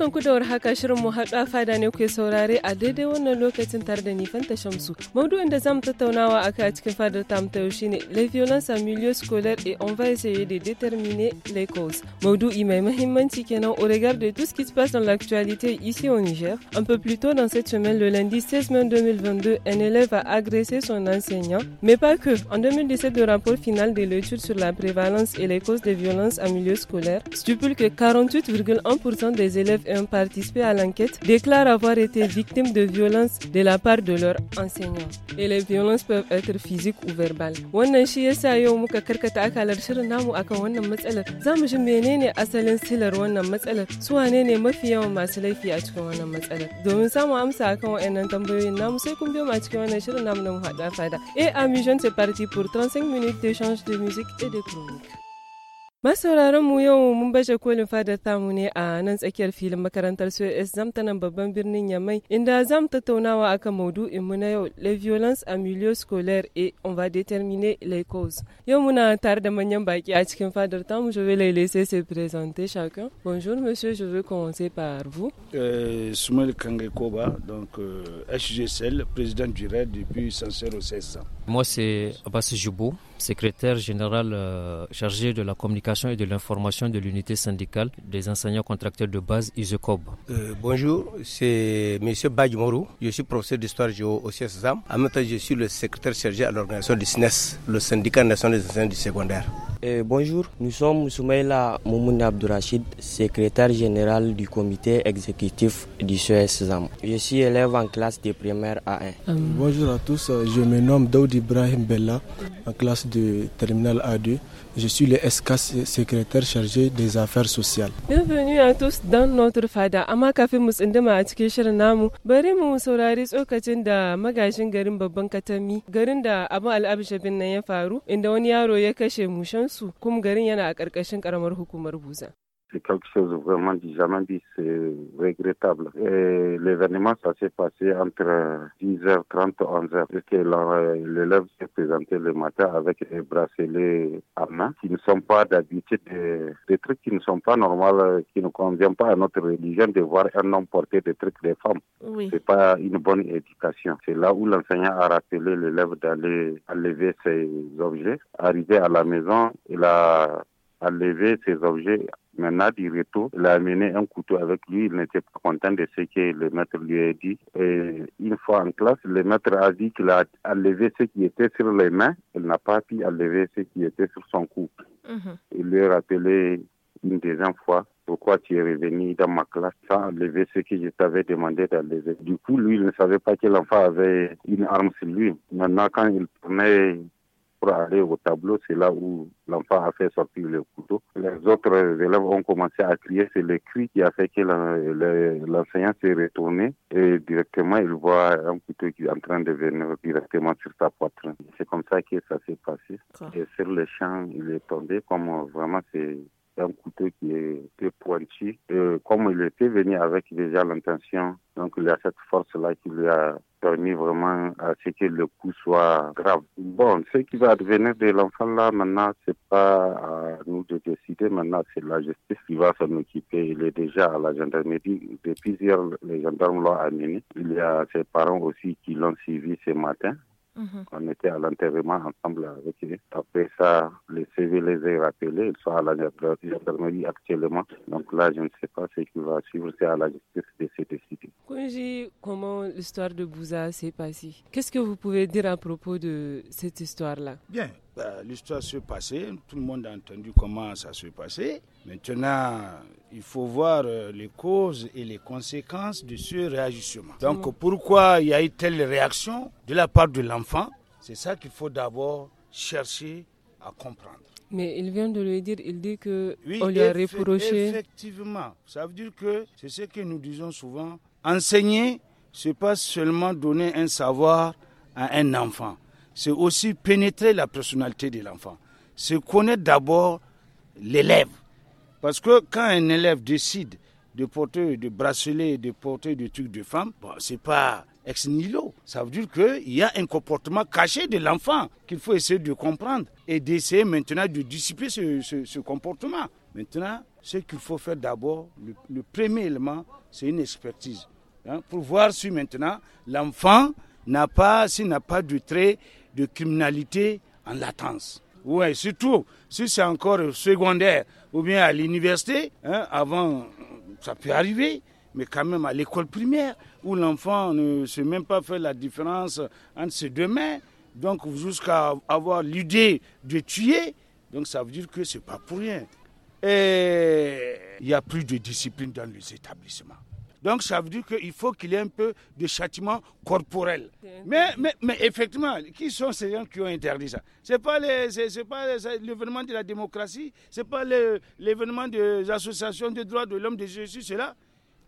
ne saurare a daidai wannan lokacin da tattaunawa a cikin ta les violences en milieu scolaire et on va essayer de déterminer les causes. Maudu'i mai muhimmanci kenan au regard de tout ce qui se passe dans l'actualité ici au Niger. Un peu plus tôt dans cette semaine, le lundi 16 mai 2022, un élève a agressé son enseignant, mais pas que. En 2017, le rapport final de l'étude sur la prévalence et les causes des violences en milieu scolaire stipule que 48,1% des élèves un participé à l'enquête déclarent avoir été victimes de violences de la part de leurs enseignants. Et les violences peuvent être physiques ou verbales. Wannan shi yasa yau muka karkata akalar shirin namu akan wannan matsalar. Za mu ji menene asalin silar wannan matsalar? Su wane ne mafi yawan masu laifi a cikin wannan matsalar? Domin samun amsa akan waɗannan tambayoyin namu sai kun biyo mu a cikin wannan shirin namu na mu haɗa fada. Et amis jeunes, c'est parti pour 35 minutes d'échange de musique et de chronique. Masauraran mu yau mun bashe kolin fadar tamu ne a nan tsakiyar filin makarantar sos zamta nan babban birnin Yamai inda zam tattaunawa akan maudu'in mu na yau la violence a milieu scolaire et on va déterminer les causes. Yau muna tare da manyan baki a cikin fadar tamu je vais les laisser se présenter chacun. Bonjour monsieur, je vais commencer par vous. Euh, Soumail Kangekoba, donc euh, HGCL, président du RAID depuis 116 ans. Moi, c'est Abbas Joubo, secrétaire général euh, chargé de la communication et de l'information de l'unité syndicale des enseignants contracteurs de base ISECOB. Euh, bonjour, c'est M. Badjimorou. Je suis professeur d'histoire géo au CSSAM. En même temps, je suis le secrétaire chargé à l'organisation du SNES, e le syndicat national des enseignants du secondaire. Euh, bonjour, nous sommes Soumaïla Moumouni Abdourachid, secrétaire général du comité exécutif du CSSAM. E je suis élève en classe de primaire A1. Bonjour à tous, je me nomme Ibrahim Bella, en classe de terminal A2. Je suis le SK secrétaire chargé des affaires sociales. Bienvenue à tous dans notre fada. Amma kafin mu tsinduma a cikin shirin namu, bari mu saurari tsokacin da magashin garin babban katami, garin da abin al'abishabin nan ya faru, inda wani yaro ya kashe mushansu, kuma garin yana a ƙarƙashin ƙaramar hukumar Buza. c'est quelque chose vraiment du jamais dit, c'est regrettable. Et l'événement, ça s'est passé entre 10h30 et 11h, puisque l'élève s'est présenté le matin avec des bracelets à main, qui ne sont pas d'habitude, des, trucs qui ne sont pas normaux, euh, qui ne conviennent pas à notre religion de voir un homme porter des trucs des femmes. Ce C'est pas une bonne éducation. C'est là où l'enseignant a rappelé l'élève d'aller enlever ses objets. Arrivé à la maison, il a enlevé ses objets Maintenant, du retour, il a amené un couteau avec lui. Il n'était pas content de ce que le maître lui a dit. Et une fois en classe, le maître a dit qu'il a enlevé ce qui était sur les mains. Il n'a pas pu enlever ce qui était sur son cou. Mhm. Il lui a rappelé une deuxième fois pourquoi tu es revenu dans ma classe sans enlever ce que je t'avais demandé d'enlever. Du coup, lui, il ne savait pas que l'enfant avait une arme sur lui. Maintenant, quand il prenait pour aller au tableau, c'est là où l'enfant a fait sortir le couteau. Les autres élèves ont commencé à crier, c'est le cri qui a fait que l'enseignant s'est retourné et directement il voit un couteau qui est en train de venir directement sur sa poitrine. C'est comme ça que ça s'est passé. Et sur le champ, il est tombé comme vraiment c'est un couteau qui est pointu. comme il était venu avec déjà l'intention, donc il y a cette force-là qui lui a permis vraiment à ce que le coup soit grave. Bon, ce qui va advenir de l'enfant là, maintenant, c'est pas à nous de décider. Maintenant, c'est la justice qui va s'en occuper. Il est déjà à la gendarmerie. Depuis hier, les gendarmes l'ont amené. Il y a ses parents aussi qui l'ont suivi ce matin. Mhm. On était à l'enterrement ensemble avec eux. Après ça, les CV les a rappelés. Ils sont à la gendarmerie actuellement. Donc là, je ne sais pas ce qui va suivre. C'est à la justice de cette cité. comment l'histoire de Bouza s'est passée Qu'est-ce que vous pouvez dire à propos de cette histoire-là Bien, bah, l'histoire s'est passée, tout le monde a entendu comment ça s'est passé. Maintenant, il faut voir euh, les causes et les conséquences de ce réajustement. Donc mm. pourquoi il y a eu telle réaction de la part de l'enfant C'est ça qu'il faut d'abord chercher à comprendre. Mais il vient de le dire, il dit que on lui a Effectivement, ça veut dire que c'est ce que nous disons souvent. Enseigner, c'est pas seulement donner un savoir à un enfant c'est aussi pénétrer la personnalité de l'enfant. C'est connaître d'abord l'élève. Parce que quand un élève décide de porter des bracelets, de porter des trucs de femme, bon, c'est pas ex nihilo. Ça veut dire qu'il y a un comportement caché de l'enfant qu'il faut essayer de comprendre et d'essayer maintenant de dissiper ce, ce, comportement. Maintenant, ce qu'il faut faire d'abord, le, premier élément, c'est une expertise. Hein. pour voir si maintenant l'enfant n'a pas, s'il n'a pas de trait de criminalité en latence. Oui, surtout si c'est encore secondaire ou bien à l'université, hein, avant ça peut arriver, mais quand même à l'école primaire où l'enfant ne sait même pas faire la différence entre ses deux mains, donc jusqu'à avoir l'idée de tuer, donc ça veut dire que c'est pas pour rien. Et il n'y a plus de discipline dans les établissements. Donc ça veut dire qu'il faut qu'il y ait un peu de châtiment corporel. Mais, mais, effectivement, qui sont ces gens qui ont interdit ça Ce n'est pas l'événement de la démocratie, ce n'est pas l'événement des associations de droits de l'homme de Jésus, cela.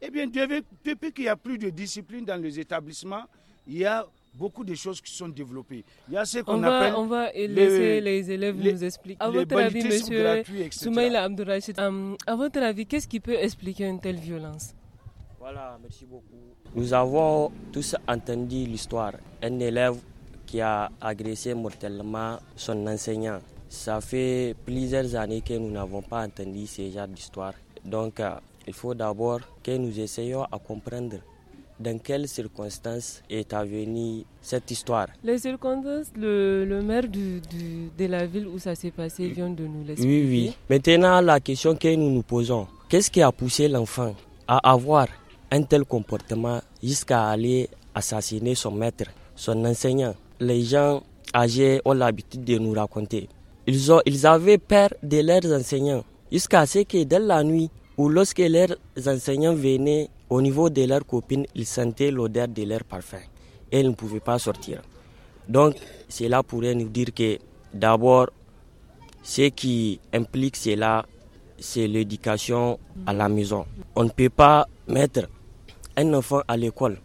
Eh bien, depuis, qu'il n'y a plus de discipline dans les établissements, il y a beaucoup de choses qui sont développées. Il ce qu'on appelle... on va laisser les, élèves les, nous expliquer. À votre avis, monsieur Soumaïla um, à votre avis, qu'est-ce qui peut expliquer une telle violence voilà, merci beaucoup. Nous avons tous entendu l'histoire. Un élève qui a agressé mortellement son enseignant. Ça fait plusieurs années que nous n'avons pas entendu ce genre d'histoire. Donc, euh, il faut d'abord que nous essayions à comprendre dans quelles circonstances est venue cette histoire Les circonstances, le, maire de la ville où ça s'est passé vient de nous l'expliquer. Oui, oui. Maintenant, la question que nous nous posons, qu'est-ce qui a poussé l'enfant à avoir un tel comportement jusqu'à aller assassiner son maître, son enseignant. Les gens âgés ont l'habitude de nous raconter. Ils, ont, ils avaient peur de leurs enseignants jusqu'à ce que dans la nuit ou lorsque leurs enseignants venaient au niveau de leurs copines, ils sentaient l'odeur de leur parfum et ils ne pouvaient pas sortir. Donc cela pourrait nous dire que d'abord, ce qui implique cela, c'est l'éducation à la maison. On ne peut pas mettre un enfant à l'école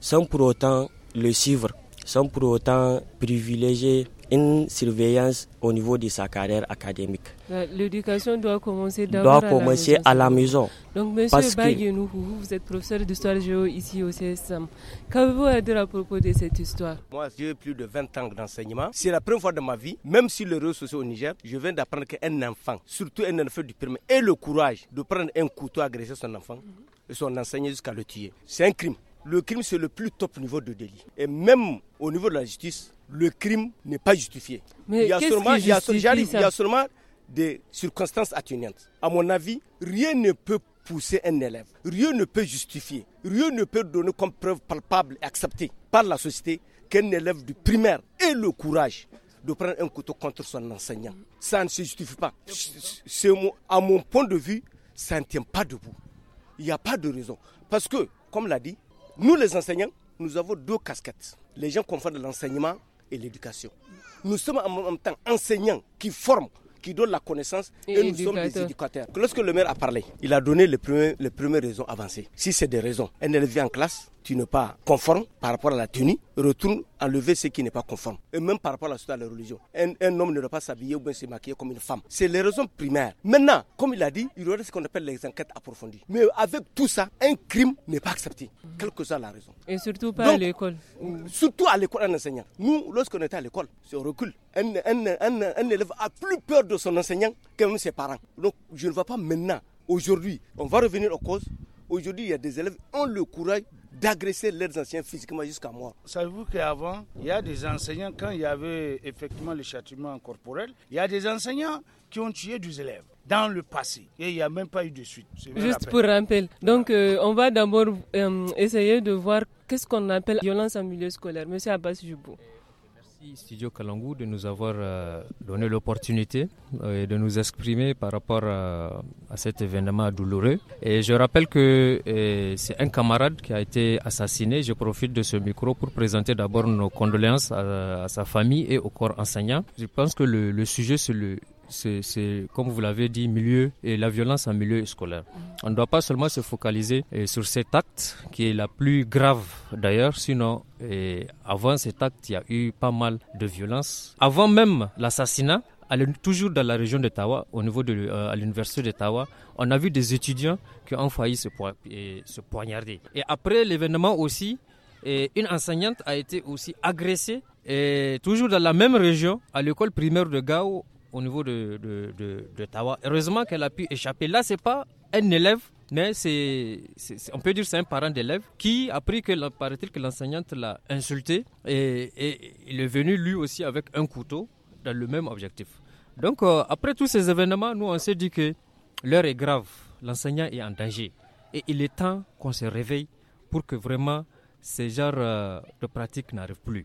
sans pour autant le suivre, sans pour autant privilégier une surveillance au niveau de sa carrière académique. L'éducation doit commencer, doit à, la maison. Donc, monsieur Parce vous êtes professeur d'histoire géo ici au CSM. Qu'avez-vous à dire à propos de cette histoire Moi, j'ai plus de 20 ans d'enseignement. C'est la première fois de ma vie, même si le réseau au Niger, je viens d'apprendre qu'un enfant, surtout un enfant du premier, ait le courage de prendre un couteau agresser son enfant. Mhm et son enseignant jusqu'à le tuer. C'est un crime. Le crime, c'est le plus top niveau de délit. Et même au niveau de la justice, le crime n'est pas justifié. il y a seulement, des circonstances atténuantes. À mon avis, rien ne peut pousser un élève. Rien ne peut justifier, rien ne peut donner comme preuve palpable et acceptée par la société qu'un élève du primaire ait le courage de prendre un couteau contre son enseignant. Ça ne se justifie pas. à mon point de vue, ça ne tient pas debout il n'y a pas de raison. Parce que, comme l'a dit, nous les enseignants, nous avons deux casquettes. Les gens confondent l'enseignement et l'éducation. Nous sommes en même temps enseignants qui forment, qui donnent la connaissance et, nous sommes des éducateurs. Lorsque le maire a parlé, il a donné les, les premières raisons avancées. Si c'est des raisons, un élève vient en classe, tu n'es pas conforme par rapport à la tenue, retourne enlever ce qui n'est pas conforme. Et même par rapport à la, à la religion. Un, homme ne doit pas s'habiller ou bien se maquiller comme une femme. C'est les raisons primaires. Maintenant, comme il a dit, il y aura ce qu'on appelle les enquêtes approfondies. Mais avec tout ça, un crime n'est pas accepté, quelle que soit la raison. Et surtout pas à l'école. Surtout à l'école, un enseignant. Nous, lorsqu'on était à l'école, c'est au recul. Un, un élève a plus peur de son enseignant que même ses parents. Donc, je ne vois pas maintenant, aujourd'hui, on va revenir aux causes. Aujourd'hui, il y a des élèves qui ont le courage d'agresser leurs anciens physiquement jusqu'à moi. Savez-vous qu'avant, il y a des enseignants, quand il y avait effectivement le châtiment corporel, il y a des enseignants qui ont tué des élèves dans le passé. Et il n'y a même pas eu de suite. Juste pour rappel. Donc, euh, on va d'abord euh, essayer de voir qu'est-ce qu'on appelle violence en milieu scolaire. Monsieur Abbas Jubou. Merci Studio Kalangu de nous avoir euh, donné l'opportunité euh, de nous exprimer par rapport euh, à, cet événement douloureux. Et je rappelle que c'est un camarade qui a été assassiné. Je profite de ce micro pour présenter d'abord nos condoléances à, sa famille et au corps enseignant. Je pense que le, le sujet, c'est le, c'est, comme vous l'avez dit, milieu et la violence en milieu scolaire. On ne doit pas seulement se focaliser euh, sur cet acte qui est la plus grave d'ailleurs, sinon euh, avant cet acte, il y a eu pas mal de violence. Avant même l'assassinat, toujours dans la région d'Ottawa, au niveau de l'université euh, de l'université d'Ottawa, on a vu des étudiants qui ont failli se, poignarder. Et après l'événement aussi, une enseignante a été aussi agressée, et toujours dans la même région, à l'école primaire de Gao, au niveau de, de, de, Tawa. Heureusement qu'elle a pu échapper. Là, c'est pas un élève, mais c'est, on peut dire c'est un parent d'élève qui a appris que, paraît-il, que l'enseignante l'a insulté et, il est venu lui aussi avec un couteau dans le même objectif. Donc, euh, après tous ces événements, nous, on s'est dit que l'heure est grave, l'enseignant est en danger. Et il est temps qu'on se réveille pour que vraiment ces genres euh, de pratiques n'arrivent plus.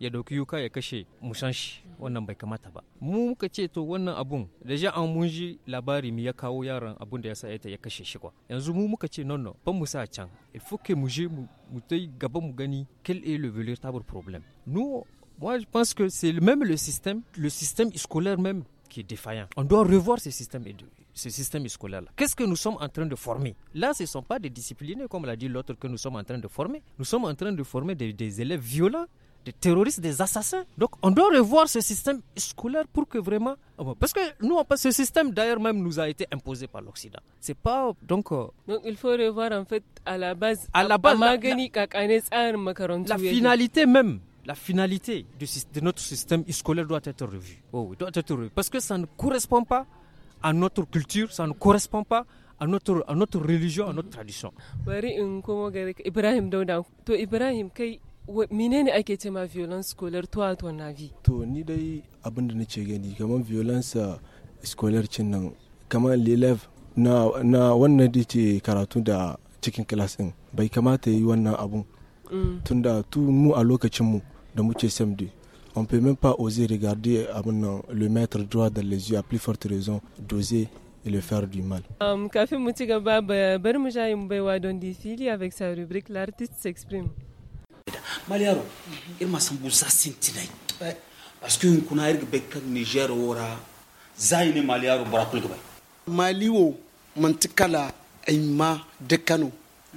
ya dauki yuka ya kashe mu shi wannan bai kamata ba mu muka ce to wannan abun da ja an mun ji labari mi ya kawo yaron abun da ya sa ya kashe shi kwa yanzu mu muka ce nonno ban mu sa can il faut que mu je mu tai gaba mu gani quel est le véritable problème nous moi je pense que c'est même le système le système scolaire même qui est défaillant. On doit revoir ce système, ce système scolaire-là. Qu'est-ce que nous sommes en train de former Là, ce ne sont pas des disciplinés, comme l'a dit l'autre, que nous sommes en train de former. Nous sommes en train de former des élèves violents des terroristes, des assassins. Donc on doit revoir ce système scolaire pour que vraiment... Euh, parce que nous, on ce système d'ailleurs même nous a été imposé par l'Occident. C'est pas... Donc, euh, donc il faut revoir en fait à la base... À la La, finalité même la finalité de, notre système scolaire doit être revue. Oh doit être revue. Parce que ça ne correspond pas à notre culture, ça ne correspond pas à notre, à notre religion, à notre mhm. tradition. Ibrahim menene ake ce ma violence scolaire to a ton avis to ni dai abin da nace gani kamar violence uh, scolaire cin nan kamar lelev na na wannan da ce karatu da cikin class din bai kamata yi wannan abun mm. tunda tu mu a lokacin mu da muke samdi on peut même pas oser regarder abin le maître droit dans les yeux à plus forte raison d'oser et le faire du mal. Um, Kafin Mutiga Baba, Bermuja Mbaiwa Dondi Fili avec sa rubrique L'artiste s'exprime. maliyaro irma sambu za sintinai eh, parce que kun kuna irga bekka niger wora zaine maliyaro barakul gaba maliwo mantikala ai ma da kano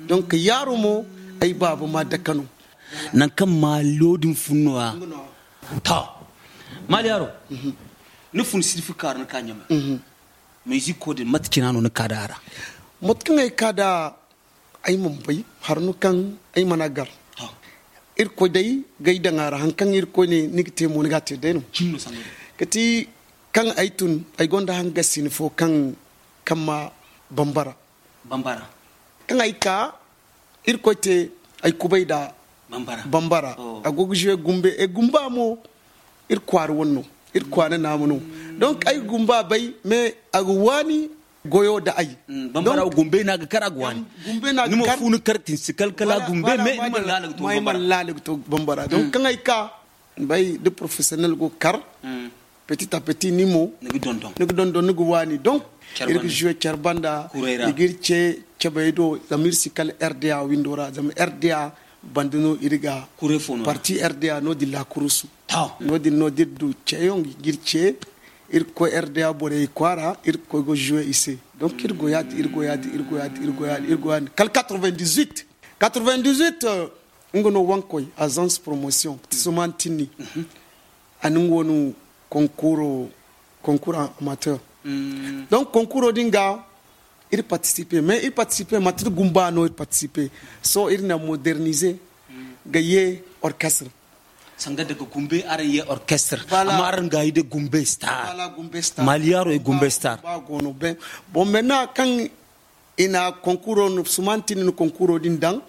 don ka yaro mo ai babu ma da kano nan kan ma lodin funnuwa ta maliyaro mhm. ni fun sirfi karni kanyama mai ji kodin matkina no ni kadara mhm. matkin ai kada ai mun bai har nukan ai managar irko gay gaida ngara kan irko ne nigte mo niga te denu kati kan aitun ay gonda hanga sinfo kan kama bambara bambara kan aika irko te ay bambara bambara oh. agoguje gumbe e gumba mo irkwaru wonno na namuno mm. donc ay gumba bay me agwani goyo da ay mm, bambara gumbe na ga karagwa ne gumbe na numa funu kartin si kalkala gumbe me iman lalagto bambara bambara don mm. kan ka bai de professionnel go kar mm. petit à petit nimo nigi don don dondon nigi wani donc irgi jouer charbanda igir che chebedo zamir sikal RDA windora zam RDA bandino iriga kure fono parti RDA no di la kurusu no di no di du cheyong girche il RDA bore ikwara irko go jouer ici donc go yad il yad joué, yad yad go yad kal 98 98 euh, ngono wankoy agence promotion tisumantini mhm. anungonu concours concours amateur mm. donc concours dinga il participait mais il participait gumba participe il participait so il na modernisé mm. gayé orchestre sanga daga gumbe aran ye orchestre voilà. amma aran star voilà, gumbe star e gumbe star ba gono ben bon maintenant kan ina concours no sumantini no concours din dan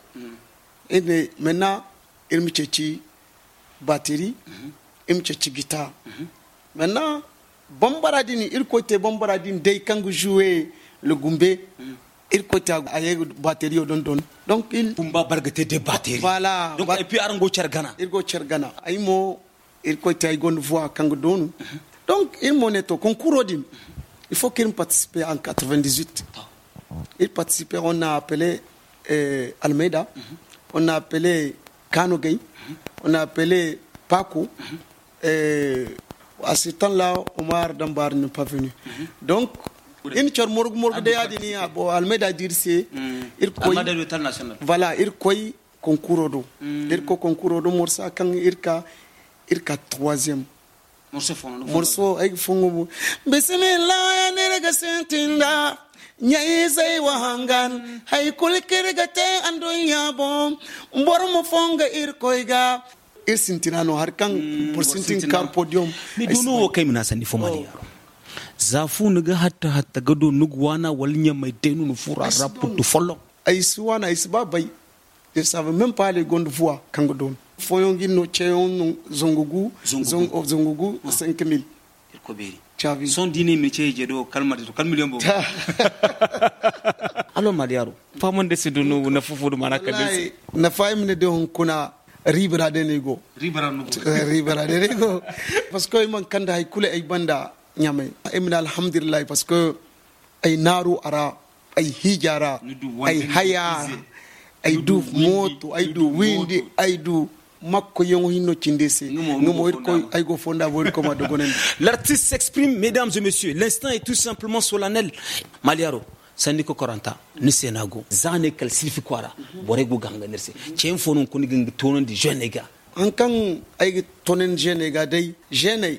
maintenant mm. il me batterie mm -hmm. il me guitare mm -hmm. maintenant bombaradini il côté bombaradini dey kangu jouer le gumbe mm. Il irkota aye batterie don don donc il kumba bargate de batterie voilà donc et puis arango chergana irgo chergana aymo Il igon voix kang don donc il moneto concours odim il faut qu'il participe en 98 ah. il participait on a appelé euh, Almeida on a appelé Kanogay on a appelé Paco euh, à ce temps-là Omar Dambar n'est pas venu mhm. donc in chor morgu morgu ah, de ni abo almeda dirse ir koy voilà ir koy concours do hmm. ir ko concours do morsa kan irka irka troisième morso ay fongo bismillah ya ga sentinda nyai zai wahangan hay kulkirga te andon yabo mbor mo fonga ir ga ir sintinano har kan hmm, pour sintin kar podium mi duno kai mina sandi fomali yaro zafu nuga hatta hatta gado nugwana walinya mai nu fura rapu tu folo ai suwana is babai ils savent même pas les gondes voix kangodon foyongi no no zongugu zongugu zongugu 5000 koberi cabi son dini métier je do kalmade to kalmi lembo alo madiaro famonde se do no na fufudu manaka na de hon kuna ribra de nego ribra eh, de nego parce que man kanda ay kule ay banda ñame emina alhamdulillahi parce que ay naaru ara ay hijara ay haya ay du moto ay du windi ay du makko yongo hinno cindesi numo wori ko ay go fonda wori ko ma dogonen l'artiste s'exprime mesdames et messieurs l'instant est tout simplement solennel maliaro sandi ko koranta ni senago zane kal silfi kwara bore go ganganirse cen fonun kuni gangi tonon di jeune gars ay tonen jeune gars jeune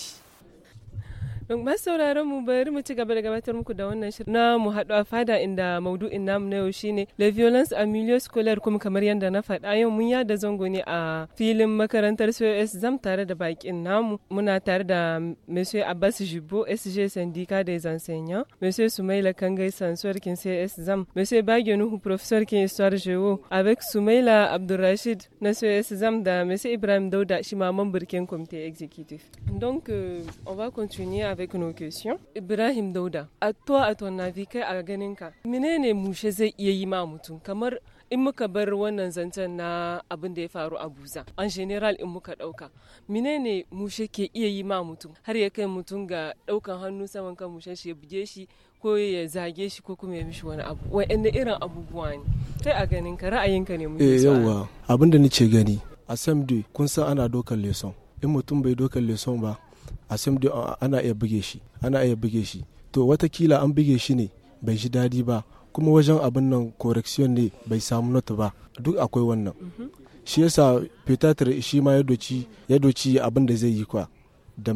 sauraron mu bari mu ci gaba da gabatar muku da wannan shirin na mu haɗu a fada inda maudu'in namu na yau shine le violence a milieu scolaire kuma kamar yadda na faɗa yau mun yada zango ne a filin makarantar COS zam tare da bakin namu muna tare da monsieur Abbas Jibo SG syndicat des enseignants monsieur Soumaila Kangay Sansuwar kin COS zam monsieur Bagyo Nuhu professeur kin histoire géo avec Soumaila Abdurrashid na COS zam da monsieur Ibrahim Dauda shi ma birkin comité exécutif donc euh, on va continuer avec avec nos questions. Ibrahim Dauda, à toi à ton avis que à ganinka, menene mushe zai iya yi ma kamar in muka bar wannan zancen na abin da ya faru a buza an general in muka dauka menene mushe ke iya yi ma mutum har ya kai mutum ga daukan hannu saman kan mushe shi ya buge shi ko ya zage shi ko kuma ya mishi wani abu wa'anne irin abubuwa ne kai a ganin ka ra'ayinka ne muke eh yawa abin da nace gani a samdi kun san ana dokan leson in mutum bai dokan leson ba asim ana iya buge shi ana iya buge shi to watakila an buge shi ne bai ji daɗi ba kuma wajen abin nan correction ne bai samu not ba duk akwai wannan mhm. shi yasa petatar shi ma ya doci ya doci abin da zai yi kwa da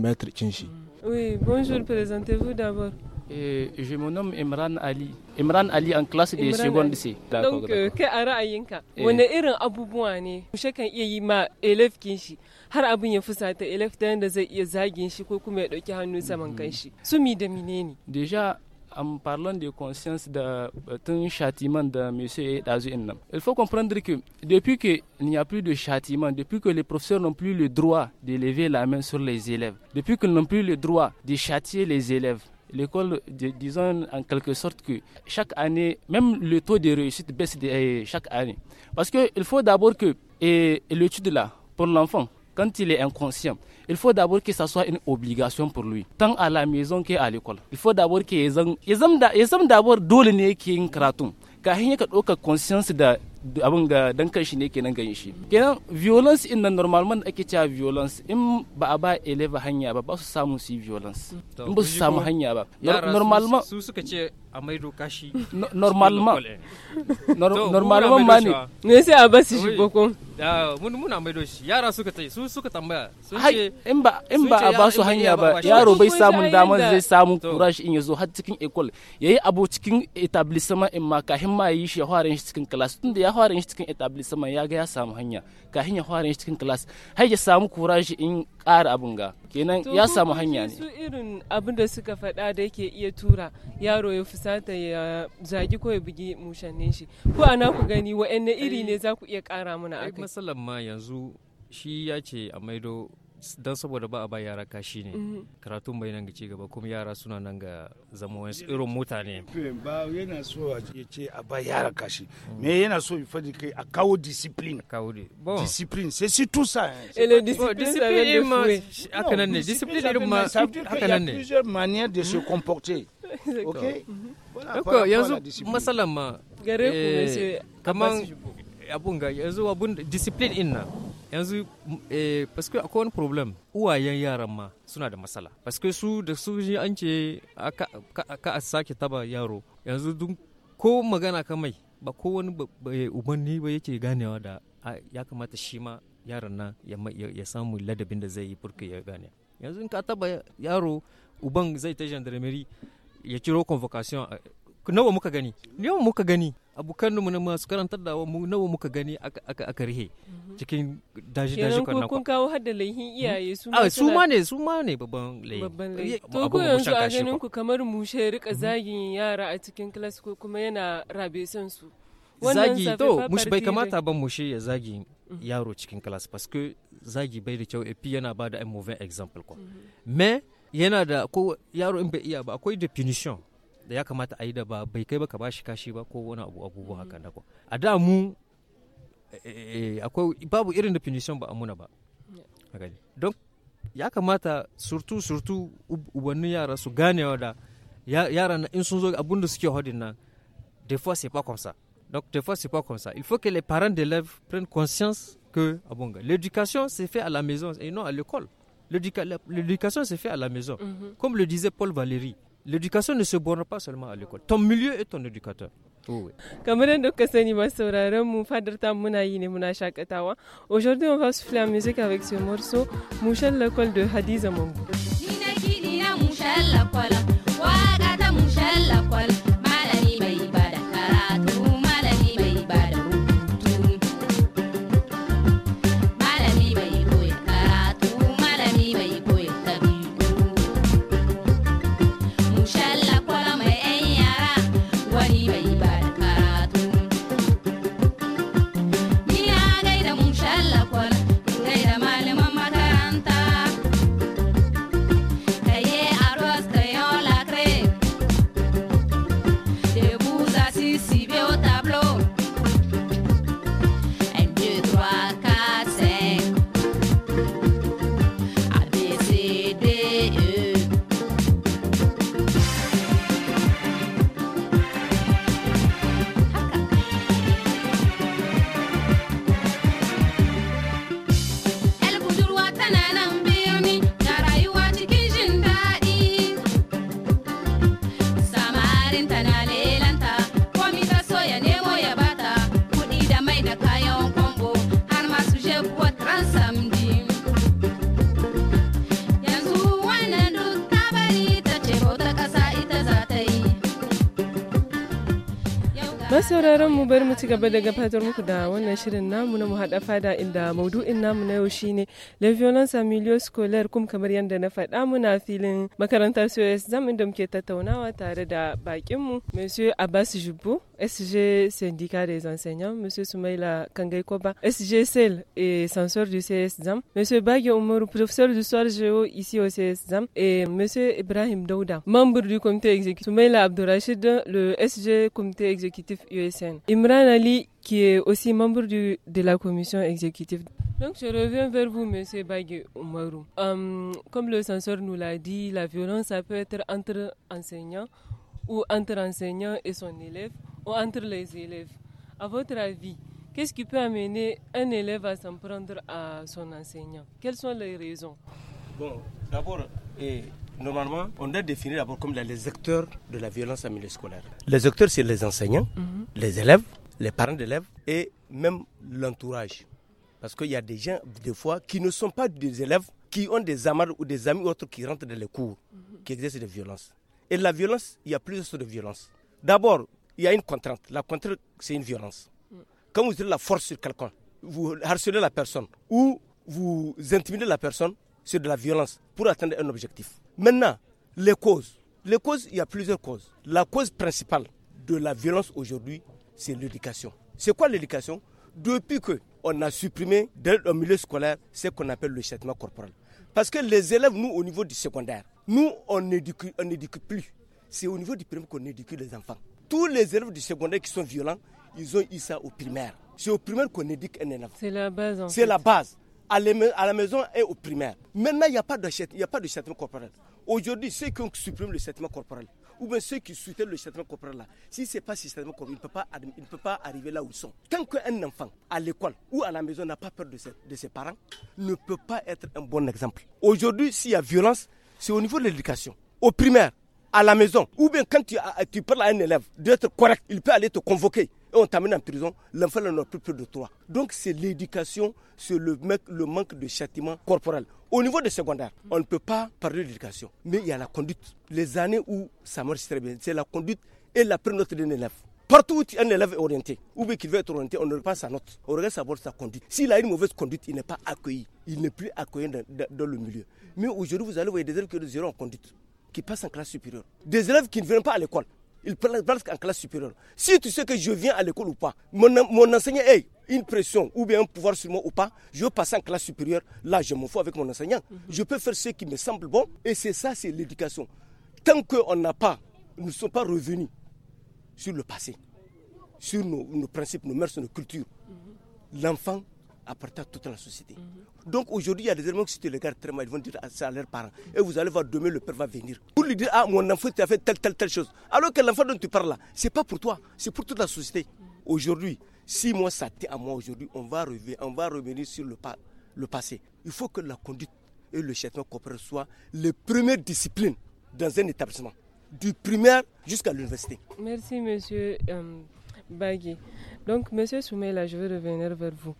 shi oui bonjour présentez-vous d'abord Et je me nomme Imran Ali. Imran Ali en classe de seconde C. Donc, que euh, a ayinka. Eh. wane irin abubuwa ne mushe kan iya yi ma elef kin shi har abun ya fusata elef ta da zai iya zagin shi ko kuma ya dauki hannu saman mm-hmm. kan shi. Su mi da mine Déjà en parlant de conscience d'un de, châtiment de monsieur Dazuinam. Il faut comprendre que depuis que il n'y a plus de châtiment, depuis que les professeurs n'ont plus le droit de lever la main sur les élèves, depuis qu'ils n'ont plus le droit de châtier les élèves, L'école, disons en quelque sorte que chaque année, même le taux de réussite baisse euh, chaque année. Parce qu'il faut d'abord que l'étude là, pour l'enfant, quand il est inconscient, il faut d'abord que ça soit une obligation pour lui, tant à la maison qu'à l'école. Il faut d'abord qu'ils aient d'abord d'où le nez qui est un kraton. Car il a conscience de abin ga dan kanshi ne kenan ganin shi kenan violence in nan normalman ake cewa violence in ba a ba eleva hanya ba ba su samu su yi violence in ba su samu hanya ba normalman su suka ce a maido kashi normalman normalement ma ne ne sai a basu shi ko muna maido shi yara suka tai su suka tambaya sun ce in ba a basu hanya ba yaro bai samun damar zai samu kura shi in yazo har cikin école yayi abu cikin etablissement in ma kahin ma yi shi ya fara shi cikin class tunda ya fara shi cikin etablissement ya ga ya samu hanya kahin ya fara shi cikin class har ya samu kura shi in ƙara abin ga kenan ya samu hanya ne su irin abin da suka faɗa da yake iya tura yaro ya fusata ya zagi ko ya bugi mushannin shi ko ana ku gani wa'anne iri ne za ku iya ƙara mana akai masalan ma yanzu shi ya ce a maido don saboda ba a ba yara kashi ne mm-hmm. karatun bai nan ga ci gaba kuma yara suna nan ga zama wasu irin mutane ba yana so ya ce a ba yara kashi mm. me yana so ya faɗi kai a kawo discipline kawo bon discipline sai surtout ça eh, sa ele discipline haka nan ne discipline irin ma haka nan ne plusieurs manières de se comporter ok yanzu masalan ma gare ku eh, Kaman abun ga yanzu abun discipline in nan yanzu eh, paske akwai wani problem uwayen yaran ma suna da matsala paske su da su ji an ce ka a sake taba yaro yanzu duk ko magana ka mai ba ko wani eh, ubanni ba yake ganewa da ya kamata shi ma yaran nan ya samu ladabin da zai yi burka ya gane yanzu in ka taba yaro uban zai ta gendarmerie ya ciro convocation eh, nawa muka gani nawa muka gani abokanmu na masu karantar da mu nawa muka gani aka rihe mhm. cikin daji daji ko kun kawo hadda laihin hmm? iyaye su ma ah, su ma ne su ma ne babban laihi to ko yanzu a ganin ku kamar she rika hmm? zagin yara a cikin class ko kuma yana rabe san su zagi to mushi bai kamata ba mushe ya zagi hmm. yaro cikin class parce que zagi bai da kyau epi yana ba da un mauvais exemple quoi mais mhm. yana da ko yaro in bai iya ba akwai definition da ya kamata a yi da ba bai kai ba ka bashi kashi ba ko wani abu abubuwa mm-hmm. haka da a da mu eh, eh, eh, akwai babu irin definition ba a muna ba don ya kamata surtu surtu ubannin yara su ganewa da yara na in sun zo abun da suke hodin nan des fois c'est pas comme ça donc des fois c'est pas comme ça il faut que les parents d'élèves prennent conscience que abonga ah l'éducation c'est fait à la maison et non à l'école l'éducation c'est fait à la maison mm -hmm. comme le disait Paul Valéry L'éducation ne se borne pas seulement à l'école. Ton milieu est ton éducateur. Aujourd'hui on va souffler la musique avec ce morceau Mouchel l'école de Hadiza Mambo. sauraron mu bari mu ci gaba da gabatar muku da wannan shirin namu na mu haɗa fada inda maudu'in namu na yau shine La violence a milieu scolaire comme kamar yadda na faɗa muna filin makarantar COS zam inda muke tattaunawa tare da bakin mu Monsieur Abbas Jubbo SG syndicat des enseignants Monsieur Soumaila Kangay Koba SG et censeur du CS ZAM Monsieur Bagio Omar professeur du soir géo ici au CS ZAM et Monsieur Ibrahim Douda membre du comité exécutif Soumaila Abdourachid le SG comité exécutif USM Imran Ali, qui est aussi membre de la commission exécutive. Donc je reviens vers vous, Monsieur Bagui Oumarou. Euh, comme le censeur nous l'a dit, la violence, ça peut être entre enseignants ou entre enseignants et son élève ou entre les élèves. À votre avis, qu'est-ce qui peut amener un élève à s'en prendre à son enseignant Quelles sont les raisons Bon, d'abord, et Normalement, on doit définir d'abord comme les acteurs de la violence à milieu scolaire. Les acteurs, c'est les enseignants, mhm. les élèves, les parents d'élèves et même l'entourage. Parce qu'il y a des gens, des fois, qui ne sont pas des élèves, qui ont des amarres ou des amis ou autres qui rentrent dans les cours, mhm. qui exercent des violences. Et la violence, il y a plusieurs sortes de violences. D'abord, il y a une contrainte. La contrainte, c'est une violence. Mhm. Quand vous avez la force sur quelqu'un, vous harcelez la personne ou vous intimidez la personne, c'est de la violence pour atteindre un objectif. Maintenant, les causes. Les causes, il y a plusieurs causes. La cause principale de la violence aujourd'hui, c'est l'éducation. C'est quoi l'éducation Depuis que on a supprimé dans le milieu scolaire ce qu'on appelle le châtiment corporel. Parce que les élèves, nous, au niveau du secondaire, nous, on n'éduque on éduque plus. C'est au niveau du primaire qu'on éduque les enfants. Tous les élèves du secondaire qui sont violents, ils ont eu ça au primaire. C'est au primaire qu'on éduque un élève. C'est la base. C'est la base à la maison et au primaire. Maintenant, il n'y a pas de châtiment corporel. Aujourd'hui, ceux qui ont supprimé le châtiment corporel, ou bien ceux qui soutiennent le châtiment corporel si ce n'est pas châtiment corporel, ils ne peut, pas arriver là où ils sont. Tant qu'un enfant à l'école ou à la maison n'a pas peur de ses, de ses parents, ne peut pas être un bon exemple. Aujourd'hui, s'il y a violence, c'est au niveau de l'éducation. Au primaire, à la maison, ou bien quand tu, tu parles à un élève d'être correct, il peut aller te convoquer et on t'amène en prison, l'enfant n'en plus, plus de toi. Donc c'est l'éducation, c'est le, manque de châtiment corporel. Au niveau de secondaire, on ne peut pas parler d'éducation, mais il y a la conduite. Les années où ça marche très bien, c'est la conduite et la prénote d'un élève. Partout où un élève est orienté, ou bien qu'il veut être orienté, on ne regarde pas sa note, on regarde sa conduite. S'il a une mauvaise conduite, il n'est pas accueilli, il n'est plus accueilli dans, le milieu. Mais aujourd'hui, vous allez voir des élèves qui ont zéro en conduite, qui passent en classe supérieure. Des élèves qui ne viennent pas à l'école, il parlent en classe supérieure. Si tu sais que je viens à l'école ou pas, mon, enseignant a une pression ou bien un pouvoir sur moi ou pas, je passe en classe supérieure, là je m'en fous avec mon enseignant. Mhm. Je peux faire ce qui me semble bon et c'est ça, c'est l'éducation. Tant qu'on n'a pas, nous ne sommes pas revenus sur le passé, sur nos, principes, nos mœurs, nos cultures, mhm. l'enfant appartient à toute la société. Mhm. Donc aujourd'hui, il y a des éléments qui, si tu très mal, ils vont dire ça à leurs parents. Et vous allez voir, demain, le père va venir. Pour lui dire, ah, mon enfant, tu as fait telle, telle, telle chose. Alors que l'enfant dont tu parles là, c'est pas pour toi, c'est pour toute la société. Mhm. Aujourd'hui, si moi, ça t'est à moi aujourd'hui, on va revenir, on va revenir sur le, le passé. Il faut que la conduite et le châtiment corporel soient les premières disciplines dans un établissement, du primaire jusqu'à l'université. Merci, monsieur euh, Bagui. Donc, monsieur Soumela, je vais revenir vers vous.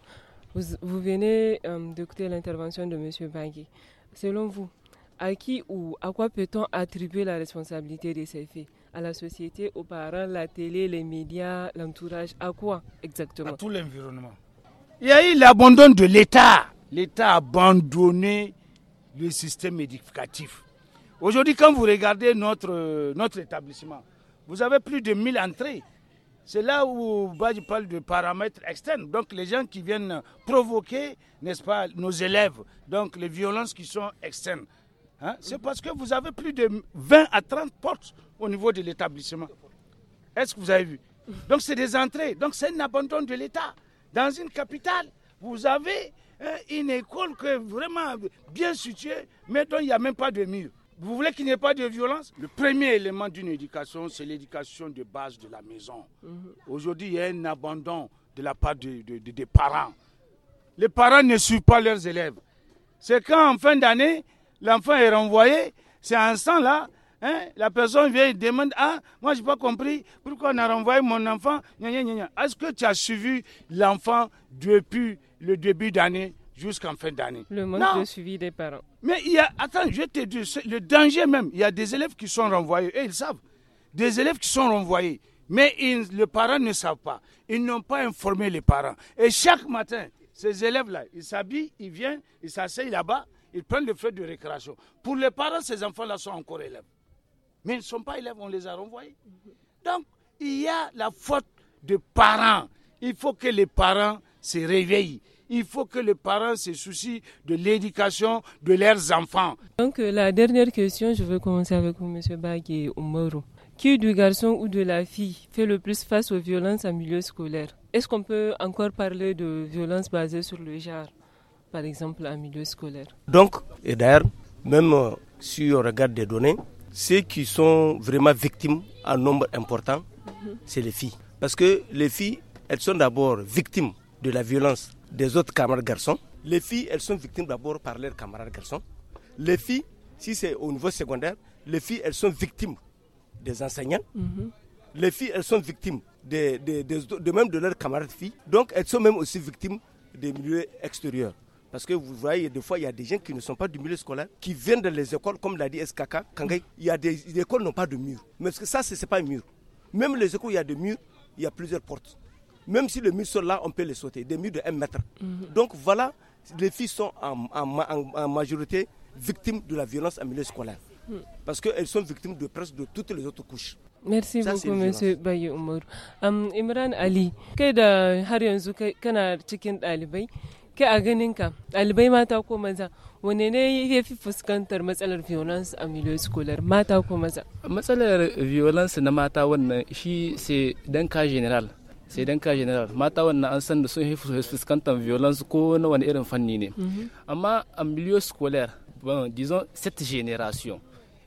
Vous, venez euh, d'écouter l'intervention de M. Bangui. Selon vous, à qui ou à quoi peut-on attribuer la responsabilité de ces faits À la société, aux parents, la télé, les médias, l'entourage À quoi exactement À tout l'environnement. Il y a eu l'abandon de l'État. L'État a abandonné le système éducatif. Aujourd'hui, quand vous regardez notre, euh, notre établissement, vous avez plus de 1000 entrées. C'est là où Badi parle de paramètres externes. Donc les gens qui viennent provoquer, n'est-ce pas, nos élèves, donc les violences qui sont externes. Hein? C'est parce que vous avez plus de 20 à 30 portes au niveau de l'établissement. Est-ce que vous avez vu Donc c'est des entrées. Donc c'est un abandon de l'État. Dans une capitale, vous avez hein, une école est vraiment bien située, mais dont il n'y a même pas de mur. Vous voulez qu'il n'y ait pas de violence Le premier élément d'une éducation, c'est l'éducation de base de la maison. Mhm. Aujourd'hui, il y a un abandon de la part des parents. Les parents ne suivent pas leurs élèves. C'est quand en fin d'année, l'enfant est renvoyé, c'est un instant là hein, la personne vient et demande Ah, moi je n'ai pas compris pourquoi on a renvoyé mon enfant. Est-ce que tu as suivi l'enfant depuis le début d'année jusqu'en fin d'année. Le manque de suivi des parents. Mais il y a, attends, je te dis, le danger même, il y a des élèves qui sont renvoyés, et eh, ils savent, des élèves qui sont renvoyés, mais les parents ne savent pas. Ils n'ont pas informé les parents. Et chaque matin, ces élèves-là, ils s'habillent, ils viennent, ils s'asseyent là-bas, ils prennent le frais de récréation. Pour les parents, ces enfants-là sont encore élèves. Mais ils ne sont pas élèves, on les a renvoyés. Donc, il y a la faute des parents. Il faut que les parents se réveillent il faut que les parents se soucient de l'éducation de leurs enfants. Donc euh, la dernière question, je veux commencer avec vous, M. Bagui Omoro. Qui du garçon ou de la fille fait le plus face aux violences en milieu scolaire Est-ce qu'on peut encore parler de violences basées sur le genre, par exemple en milieu scolaire Donc, et d'ailleurs, même euh, si on regarde des données, ceux qui sont vraiment victimes en nombre important, mhm. c'est les filles. Parce que les filles, elles sont d'abord victimes de la violence des autres camarades garçons. Les filles, elles sont victimes d'abord par leurs camarades garçons. Les filles, si c'est au niveau secondaire, les filles, elles sont victimes des enseignants. Mhm. Les filles, elles sont victimes de, de, même de leurs camarades filles. Donc, elles sont même aussi victimes des milieux extérieurs. Parce que vous voyez, des fois, il y a des gens qui ne sont pas du milieu scolaire, qui viennent dans les écoles, comme l'a dit SKK, Kangay. Mhm. Il y a des, écoles n'ont pas de murs. Mais que ça, ce n'est pas un mur. Même les écoles, il y a des murs, il y a plusieurs portes. Même si le mur sont là, on peut les sauter, des murs de 1 mètre. Mhm. Donc voilà, les filles sont en, en, en, majorité victimes de la violence en milieu scolaire. parce mhm. Parce qu'elles sont victimes de presque de toutes les autres couches. Merci beaucoup, Monsieur Bayou Umar. Imran Ali, kai da har yanzu kana cikin en kai a ganinka ɗalibai mata ko maza, wane ne ya fi fuskantar matsalar violence a milieu scolaire mata ko maza? Matsalar violence na mata wannan shi sai dan ka general sai dan ka general mata wannan an san da sun fuskantar violence ko irin fanni ne mhm. milieu scolaire bon disons cette génération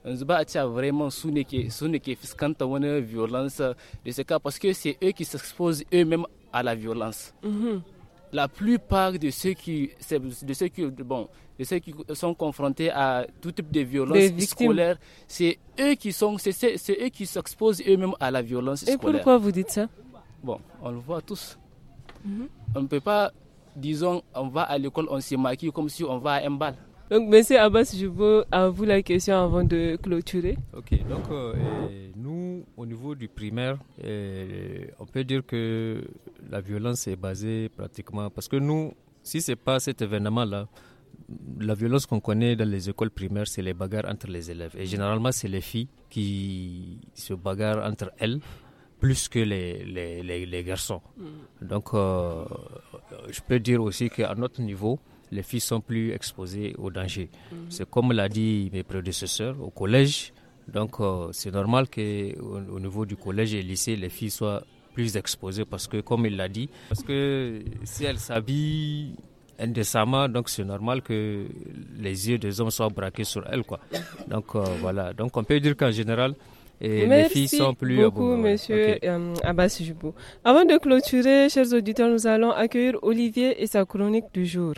on ba a vraiment su ne ke su ne ke fuskanta wani violence de ce cas parce que c'est eux qui s'exposent eux-mêmes à la violence mhm. la plupart de ceux qui de ceux qui bon de ceux qui sont confrontés à tout type de violence scolaire c'est eux qui sont c'est eux qui s'exposent eux-mêmes à la violence scolaire et pourquoi vous dites ça bon, on le voit tous. Mhm. On ne peut pas, disons, on va à l'école, on se maquille comme si on va à un bal. Donc, monsieur Abbas, je veux à vous la question avant de clôturer. Ok, donc euh, nous, au niveau du primaire, on peut dire que la violence est basée pratiquement. Parce que nous, si ce n'est pas cet événement-là, la violence qu'on connaît dans les écoles primaires, c'est les bagarres entre les élèves. Et généralement, c'est les filles qui se bagarrent entre elles plus que les, les, les, garçons. Mm. Donc, euh, je peux dire aussi qu'à notre niveau, les filles sont plus exposées au danger. Mm-hmm. C'est comme l'a dit mes prédécesseurs au collège. Donc, euh, c'est normal qu'au au niveau du collège et lycée, les filles soient plus exposées parce que, comme il l'a dit, parce que si elles s'habillent indécemment, donc c'est normal que les yeux des hommes soient braqués sur elles. Quoi. Donc, euh, voilà. Donc, on peut dire qu'en général, Merci beaucoup, monsieur euh, Abbas Jubou. Avant de clôturer, chers auditeurs, nous allons accueillir Olivier et sa chronique du jour.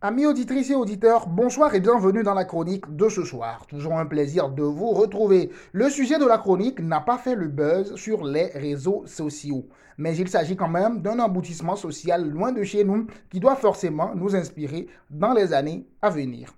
Amis auditrices et auditeurs, bonsoir et bienvenue dans la chronique de ce soir. Toujours un plaisir de vous retrouver. Le sujet de la chronique n'a pas fait le buzz sur les réseaux sociaux, mais il s'agit quand même d'un aboutissement social loin de chez nous qui doit forcément nous inspirer dans les années à venir.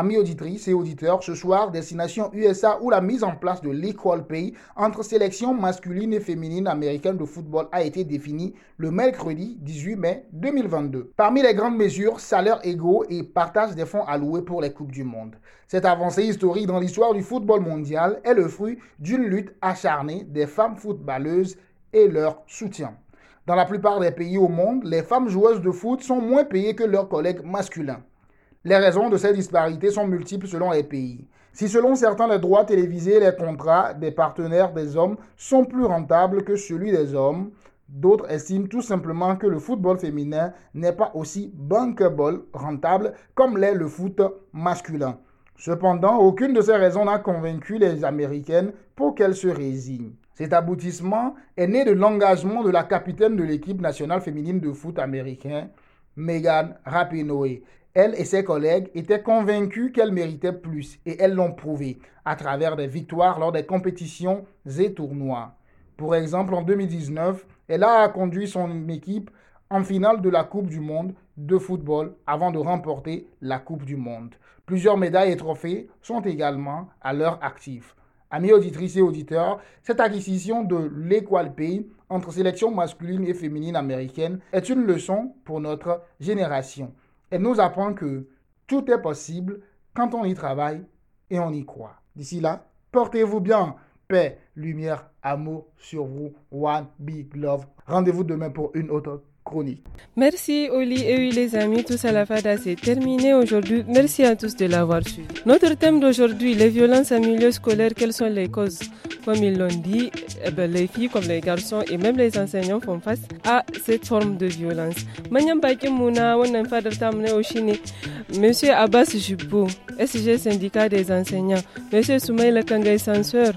Amis auditrices et auditeurs, ce soir, destination USA où la mise en place de l'Equal Pay entre sélections masculines et féminines américaines de football a été définie le mercredi 18 mai 2022. Parmi les grandes mesures, salaire égaux et partage des fonds alloués pour les Coupes du Monde. Cette avancée historique dans l'histoire du football mondial est le fruit d'une lutte acharnée des femmes footballeuses et leur soutien. Dans la plupart des pays au monde, les femmes joueuses de foot sont moins payées que leurs collègues masculins. Les raisons de ces disparités sont multiples selon les pays. Si selon certains les droits télévisés et les contrats des partenaires des hommes sont plus rentables que celui des hommes, d'autres estiment tout simplement que le football féminin n'est pas aussi bankable, rentable comme l'est le foot masculin. Cependant, aucune de ces raisons n'a convaincu les Américaines pour qu'elles se résignent. Cet aboutissement est né de l'engagement de la capitaine de l'équipe nationale féminine de foot américain, Megan Rapinoe, elle et ses collègues étaient convaincus qu'elle méritait plus et elles l'ont prouvé à travers des victoires lors des compétitions et tournois. Pour exemple, en 2019, elle a conduit son équipe en finale de la Coupe du Monde de football avant de remporter la Coupe du Monde. Plusieurs médailles et trophées sont également à leur actif. Amis auditrices et auditeurs, cette acquisition de l'Equal entre sélections masculine et féminine américaine est une leçon pour notre génération. Elle nous apprend que tout est possible quand on y travaille et on y croit. D'ici là, portez-vous bien. Paix, lumière, amour sur vous. One big love. Rendez-vous demain pour une autre chronique. Merci Oli et oui les amis, tout ça, la fada c'est terminé aujourd'hui. Merci à tous de l'avoir suivi. Notre thème d'aujourd'hui, les violences en milieu scolaire, quelles sont les causes Comme ils l'ont dit, eh ben, les filles comme les garçons et même les enseignants font face à cette forme de violence. Monsieur Abbas Jubbo, SG syndicat des enseignants, M. Soumaïla Kangay senseur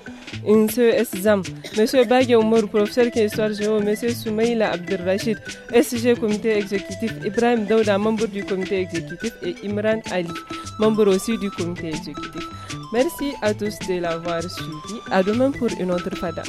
S SZAM, Monsieur Bagé Oumar, professeur d'histoire histoire géo, M. Soumaïla Rachid, SG comité exécutif, Ibrahim Daouda, membre du comité exécutif et Imran Ali, membre aussi du comité exécutif. Merci à tous de l'avoir suivi. À demain pour une autre fada.